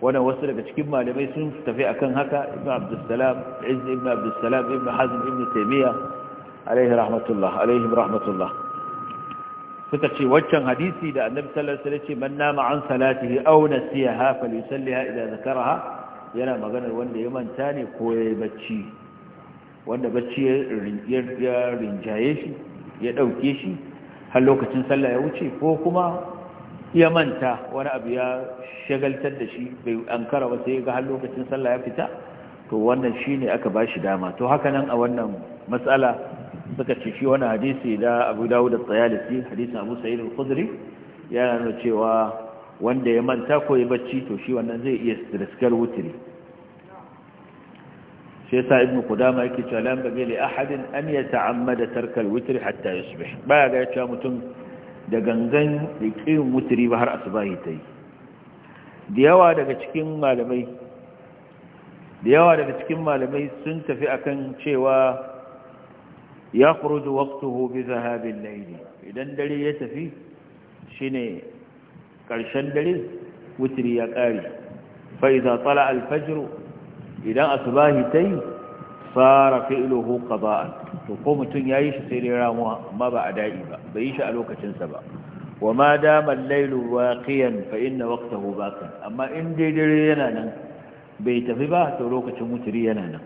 wannan wasu daga cikin malamai sun tafi akan haka ibnu abdussalam izz ibnu abdussalam ibnu hazm ibnu taymiya alaihi rahmatullah alaihim rahmatullah suka ce waccan hadisi da annabi sallallahu alaihi wasallam ce man nama an salatihi aw nasiyaha falyusalliha idza zakaraha yana maganar wanda ya manta ne ko ya yi bacci wanda bacci ya rinjaye shi ya ɗauke shi har lokacin sallah ya wuce ko kuma ya manta wani abu ya shagaltar da shi bai an kara ba sai ga har lokacin sallah ya fita to wannan shi ne aka ba shi dama to haka nan a wannan matsala suka ce shi wani hadisi da abu dawo da tsayalisi hadisin abu sayi da kuduri yana nuna cewa wanda ya manta ko ya bacci to shi wannan zai iya riskar wutiri shi yasa ibnu kudama yake cewa lan bagi li ahadin an yata'ammada tarka al-witr hatta yusbih ba ga cewa mutum da gangan da kiyin wutri ba har asubahi tayi da yawa daga cikin malamai da yawa daga cikin malamai sun tafi akan cewa ya khuruju waqtuhu bi zahabil layl idan dare ya tafi shine karshen dare wutri ya kare fa idza tala al-fajr idan asubahi ta yi fara fi'iluhu qada'an to ko mutum yi shi sai dai ramuwa amma ba a da'i ba bai yi shi a lokacinsa ba wa ma dama al-lailu waqiyan fa inna waqtahu baqin amma in dai yana nan bai tafi ba to lokacin mutiri yana nan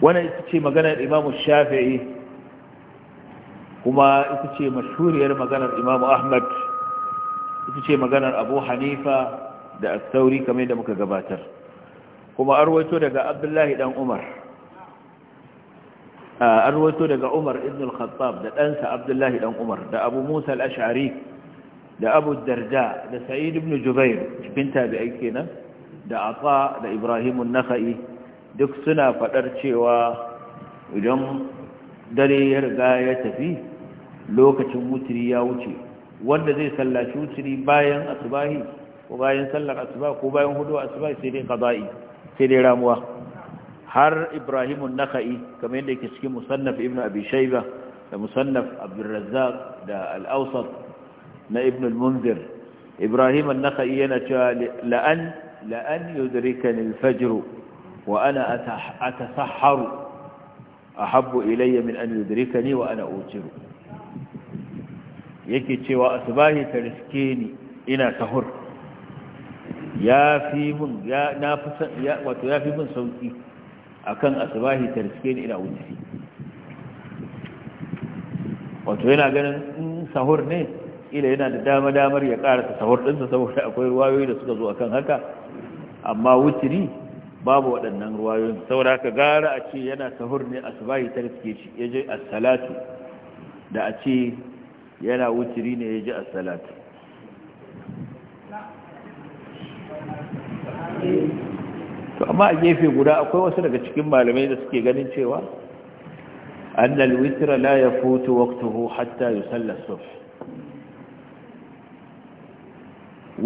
wannan ita ce maganar Imam Shafi'i kuma ita ce mashuriyar maganar Imam Ahmad ita ce maganar Abu Hanifa da asauri kamar da muka gabatar kuma arwato daga abdullahi dan umar arwato daga umar ibn al-khattab da ɗansa abdullahi dan umar da abu musa al-ash'ari da abu darda da sa'id ibn jubair bin tabi'ai kenan da afa da ibrahim an-nakhai duk suna fadar cewa idan dare ya riga ya tafi lokacin mutri ya wuce wanda zai sallaci mutri bayan asubahi ko bayan sallar asuba ko bayan hudu asuba sai dai qada'i sai dai ramuwa har Ibrahim an-Nakhai kamar yadda yake cikin musannaf Ibn Abi Shayba da musannaf Abdul Razzaq da al-Awsat na Ibn al-Munzir Ibrahim an-Nakhai yana cewa la'an la'an yudrikani al-fajr wa ana atasahharu ahabbu ilayya min an yudrikani wa ana utiru yake cewa asbahi ta riske ni ina sahur ya fi mun ya na fi ya wato ya fi mun sauki akan asbahi tarske ni ina wuce wato yana ganin in sahur ne ila yana da dama damar ya karasa sahur ɗinsa saboda akwai ruwayoyi da suka zo akan haka amma wutiri babu waɗannan ruwayoyin saboda haka gara a ce yana sahur ne asbahi tarske shi yaje as-salatu da a ce yana wutiri ne yaje as-salatu to amma a gefe guda akwai wasu daga cikin malamai da suke ganin cewa annal witra la yafutu waqtuhu hatta yusalla as-subh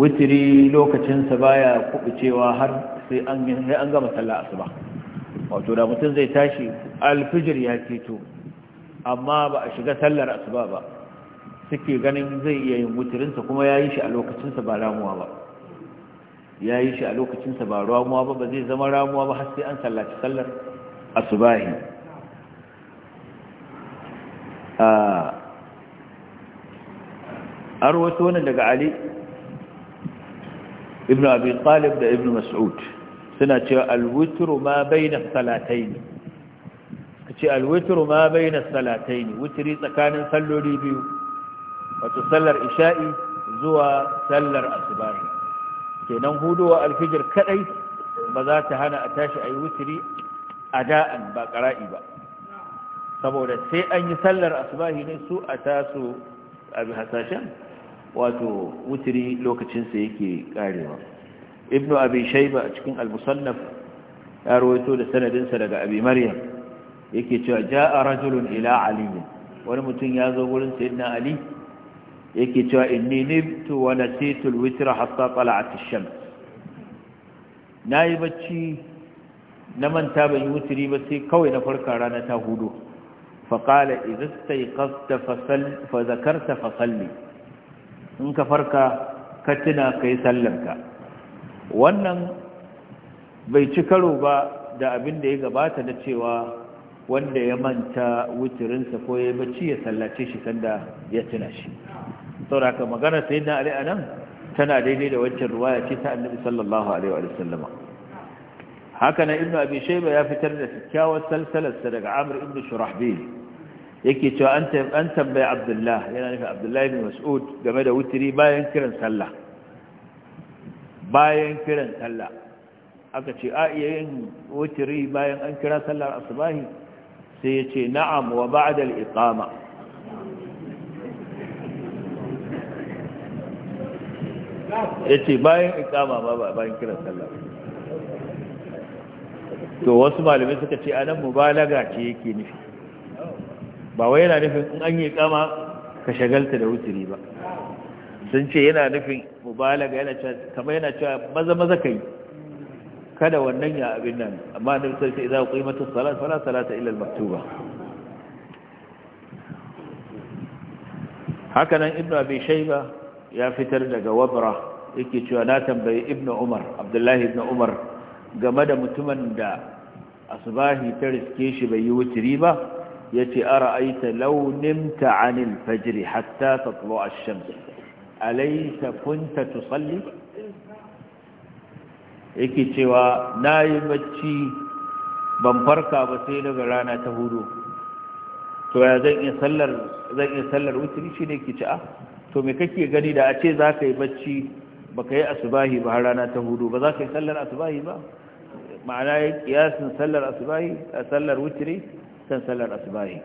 witri lokacin sa baya kubucewa har sai an an gama sallar asuba wato da mutum zai tashi al-fajr ya fito amma ba a shiga sallar asuba ba suke ganin zai iya yin witrin sa kuma yi shi a lokacin sa ba ramuwa ba ya yi shi a lokacinsa ba ramuwa ba ba zai zama ramuwa ba har sai an sallaci sallar asubahi a rawaito wani daga ali ibn abi talib da ibn mas'ud suna cewa alwitru ma bai na bayna salatayn ce alwitru ma bai bayna salatayn witri tsakanin salloli biyu wato sallar isha'i zuwa sallar asubahi kenan hudowa alfijir kadai ba za ta hana a tashi a yi wuturi a da'an ba ƙara'i ba saboda sai an yi sallar asubahi ne su a taso a hasashen wato wuturi lokacinsa yake karewa ibnu abin shaiba a cikin al-musannaf ya rawaito da sanadinsa daga abi maryam yake cewa ja'a rajulun ila ali wani mutum ya zo gurin na ali yake cewa inni nimtu wa nasitu alwitra hatta tala'at ash-shams nayi bacci na manta ban yi wutiri ba sai kawai na farka rana ta hudu fa qala idza istayqazta fasal fa dhakarta fasalli in ka farka ka tuna kai sallarka wannan bai ci karo ba da abin da ya gabata da cewa wanda ya manta wutirinsa ko ya bacci ya sallace shi sanda ya tuna shi saboda haka magana sai na ali anan tana daidai da wancan ruwaya ce ta annabi sallallahu alaihi wa sallama haka na ibnu abi shayba ya fitar da kyakkyawar salsalar sa daga amr ibnu shurahbil yake cewa an an tambaye abdullah yana nufi abdullah ibn mas'ud game da wutiri bayan kiran sallah bayan kiran sallah aka ce a iya yin wutiri bayan an kira sallar asubahi sai yace na'am wa ba'da al-iqama ya ce bayan ikama ma ba bayan kiran sallah to wasu malamai suka ce anan mubalaga ce yake nufi ba wai yana nufin in an yi ikama ka shagalta da wuturi ba sun ce yana nufin mubalaga yana cewa kamar yana cewa maza maza kai kada wannan ya abin nan amma da sai sai yi mata salat fala salata illa al-maktuba haka nan ibnu abi shayba ya fitar daga wabra yake cewa na tambayi ibnu umar abdullahi Ibn umar game da mutumin da asbahi ta riske shi bai yi wuturi ba yace ara'aita law launin 'anil fajiri hatta tatlu' a shan alaita kunta tusalli yake cewa nayi bacci ban farka ba sai daga rana ta hudu to ya zan iya sallar zan shi sallar ke shine to me kake gani da a ce za ka yi bacci ba ka yi asubahi ba har rana ta hudu ba za ka yi sallar asubahi ba ma'ana ya kiyasin sallar asubahi a sallar wuturi kan sallar asubahi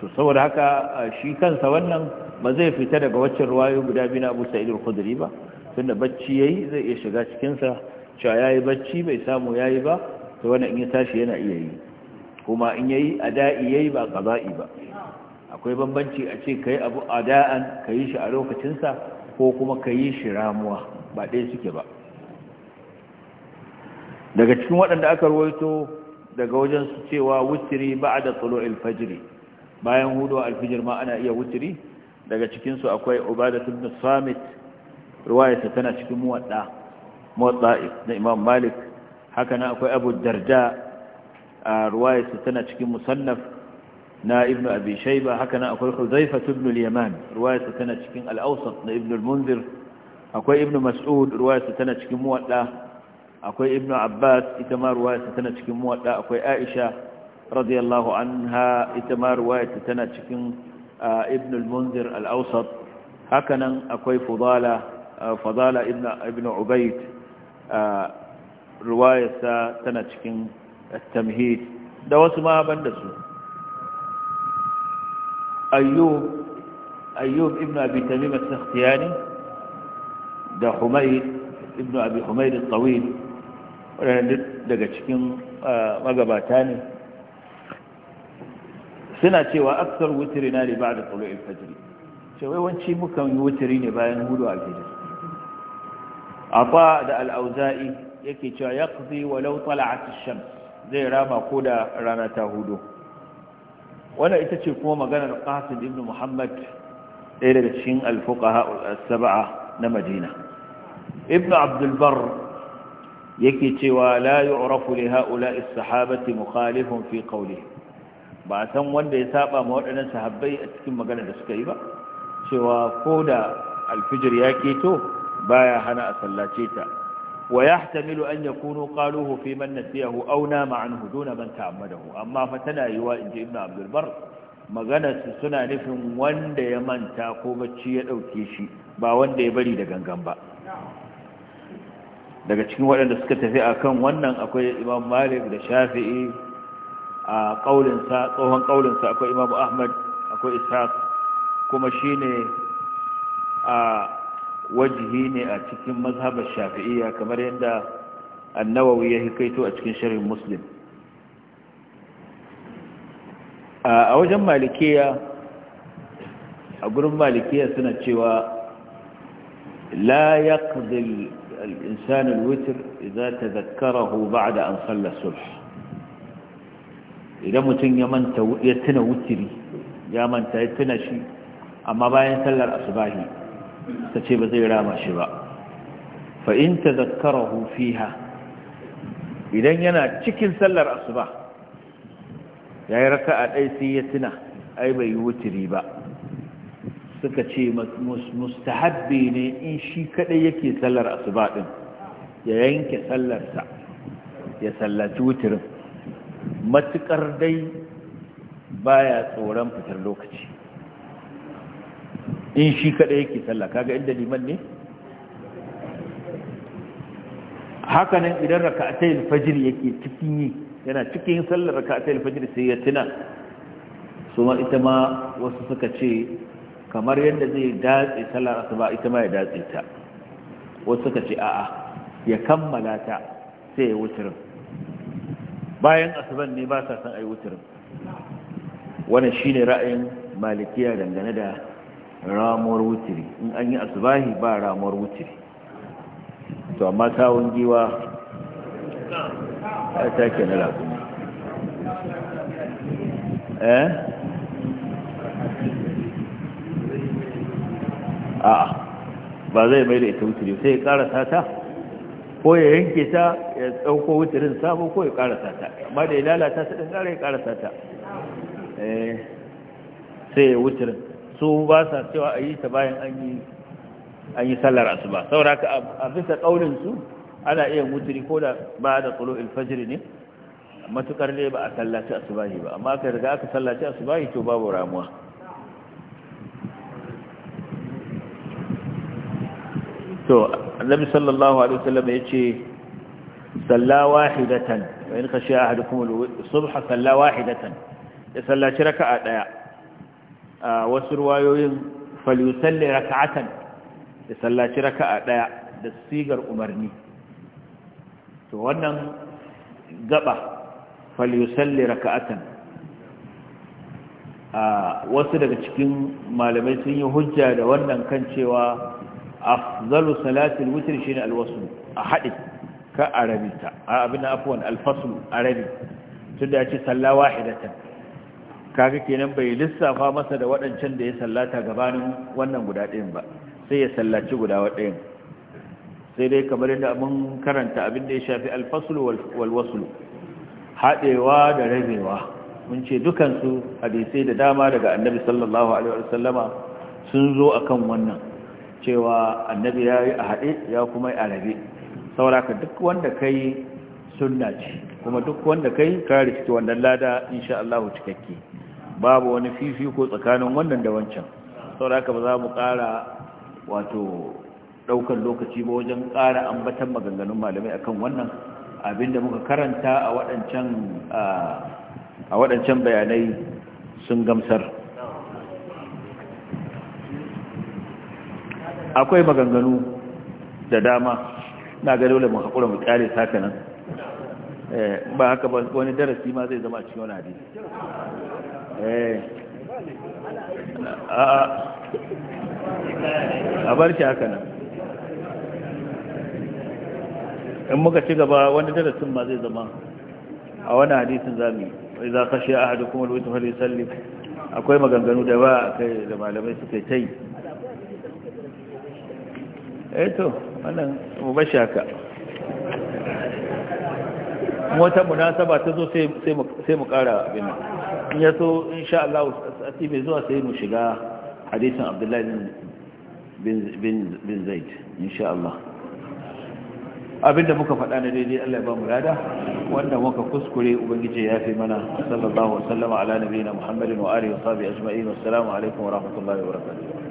to saboda haka shi kansa wannan ba zai fita daga waccan ruwayo guda biyu na abu sa'idul khudri ba tunda bacci ya yi zai iya shiga cikinsa cewa yi bacci bai samu yi ba to wannan in ya tashi yana iya yi kuma in yayi ada'i yayi ba qaza'i ba akwai bambanci a ce kai abu ada'an kai shi a lokacin sa ko kuma kai shi ramuwa ba ɗaya suke ba daga cikin waɗanda aka rawaito daga wajen su cewa wutri ba'da tulu'il fajr bayan hudu al ma ana iya wutri daga cikin su akwai ubadah ibn samit riwayarsa tana cikin muwadda muwadda na imam malik haka nan akwai abu darda ruwayarsa tana cikin musannaf na ibn abi shayba haka nan akwai huzaifa ibn al-yaman ruwayarsa tana cikin al-awsat na ibn al-munzir akwai ibn mas'ud ruwayarsa tana cikin muwadda akwai ibn abbas ita ma ruwayarsa tana cikin muwadda akwai aisha radiyallahu anha ita ma ruwayarsa tana cikin ibn al-munzir al-awsat haka nan akwai fudala fadala ibn ibn ubayd ruwayarsa tana cikin التمهيد ده وسما بندسو أيوب أيوب ابن أبي تميم السختياني ده حميد ابن أبي حميد الطويل ولن دقشكين آه، تاني سنة شوى أكثر وترنا لبعد طلوع الفجر شوى وانشي مكم يوتريني باين هدو أكيد أطاء ده الأوزائي يكي شوى يقضي ولو طلعت الشمس zai rama ko da rana ta hudu wannan ita ce kuma maganar qasim ibn muhammad ɗaya daga cikin alfuqaha as-sab'a na madina ibn Abdulbar bar yake cewa la yu'rafu li ha'ula'i as-sahabati mukhalifun fi qawlihi ba san wanda ya saba ma waɗannan sahabbai a cikin maganar da suka yi ba cewa ko da alfijir ya keto baya hana a sallace ta ويحتمل أن يكونوا قالوه في من نسيه أو نام عنه دون من تعمده أما فتنا يواء إنجي ابن عبد البر مغنى سنة نفهم وان دي من تاقوب الشيء أو تيشي با وان دي بلي دقان قنبا daga cikin waɗanda suka tafi a kan wannan akwai imam malik da shafi'i a ƙaulinsa tsohon ƙaulinsa akwai imam ahmad akwai ishaq kuma shine a wajihi ne a cikin mazhabar shafi'iyya kamar yadda annawawi ya hikaito a cikin shirin muslim a wajen malikiya a gurin malikiya suna cewa la ya ƙazil al'insanin wutar idan ta zakara hu da an tsalla idan mutum ya tuna wutiri ya manta ya tuna shi amma bayan sallar asubahi suka ce ba zai rama shi ba fa in tazakkarahu fiha idan yana cikin sallar asuba yayi raka'a ɗai sai ya tuna ai bai wutiri ba suka ce mustahabbi ne in shi kaɗai yake sallar asuba din ya yanke sallarsa ya sallaci wutirin Matuƙar dai baya tsoron fitar lokaci in shi kada yake sallah kaga inda liman ne hakanan idan raka'atayil fajr yake cikin yi yana cikin sallar raka'atayil fajr sai ya tuna su ma ita ma wasu suka ce kamar yadda zai datse sallar asuba ita ma ya datse ta wasu suka ce a'a ya kammala ta sai ya wuturin bayan asuban ne ba sa san ai wuturin wannan shine ra'ayin malikiya dangane da ramuwar wutiri in an yi asubahi ba ramuwar wutiri to amma tawon giwa ya take na rakumi eh a ba zai mai da ita wutiri sai ya karasa ta ko ya yanke ta ya tsauko wutirin sabo ko ya karasa ta amma da ya lalata su ɗin ƙara ya karasa ta eh sai ya wutirin su ba sa cewa a yi ta bayan an yi sallar asuba saboda a bisa ƙaunin su ana iya mutuni ko da ba da tsoro ilfajiri ne matukar ne ba a sallaci asubahi ba amma ka riga aka sallaci asubahi to babu ramuwa to annabi sallallahu alaihi wasallam yace salla wahidatan wa in khashiya ahadukum as-subha salla wahidatan ya sallaci raka'a daya wasu ruwayoyin falusalle raka'atan da sallaci raka'a ɗaya da sigar umarni to wannan gaba falusalle raka'atan a wasu daga cikin malamai sun yi hujja da wannan kan cewa Salatin, wutar shi shine alwasu a haɗi ka A abin afuwan afwan alfasl tun tunda ya ce salla wahidatan kaga kenan bai lissafa masa da waɗancan da ya sallata gabanin wannan guda ɗayan ba sai ya sallaci guda ɗayan sai dai kamar yadda mun karanta abin da ya shafi alfaslu wal waslu haɗewa da rabewa mun ce dukansu hadisai da dama daga annabi sallallahu alaihi wasallama sun zo akan wannan cewa annabi ya yi a haɗe ya kuma yi a rabe sauraka duk wanda kai sunna ce kuma duk wanda kai kare ciki wannan lada insha Allah cikakke babu wani fifi ko tsakanin wannan da wancan saboda haka ba za mu kara wato ɗaukar lokaci ba wajen kara ambatan maganganun malamai akan wannan abinda muka karanta a waɗancan a waɗancan bayanai sun gamsar akwai maganganu da dama na ga dole mu haƙura mu ƙyale saka nan eh, ba haka ba wani darasi ma zai zama a cikin wani hadisi Eh. a bar shi haka nan in muka ci gaba wani darasin ma zai zama a wani hadisin zami wai za ka shi a hadu kuma lokacin hali salli akwai maganganu da ba a kai da malamai suka ta yi eto eh wannan mu bashi haka wata munasaba ta zo sai mu kara abin nan in ya so insha Allah sati mai zuwa sai mu shiga hadisin Abdullahi bin Zaid insha Allah abinda muka faɗa na daidai Allah ya ba mu rada wanda muka kuskure ubangiji ya fi mana sallallahu alaihi wa sallama ala nabiyina Muhammadin wa alihi wa sahbihi ajma'in assalamu alaikum wa rahmatullahi wa barakatuh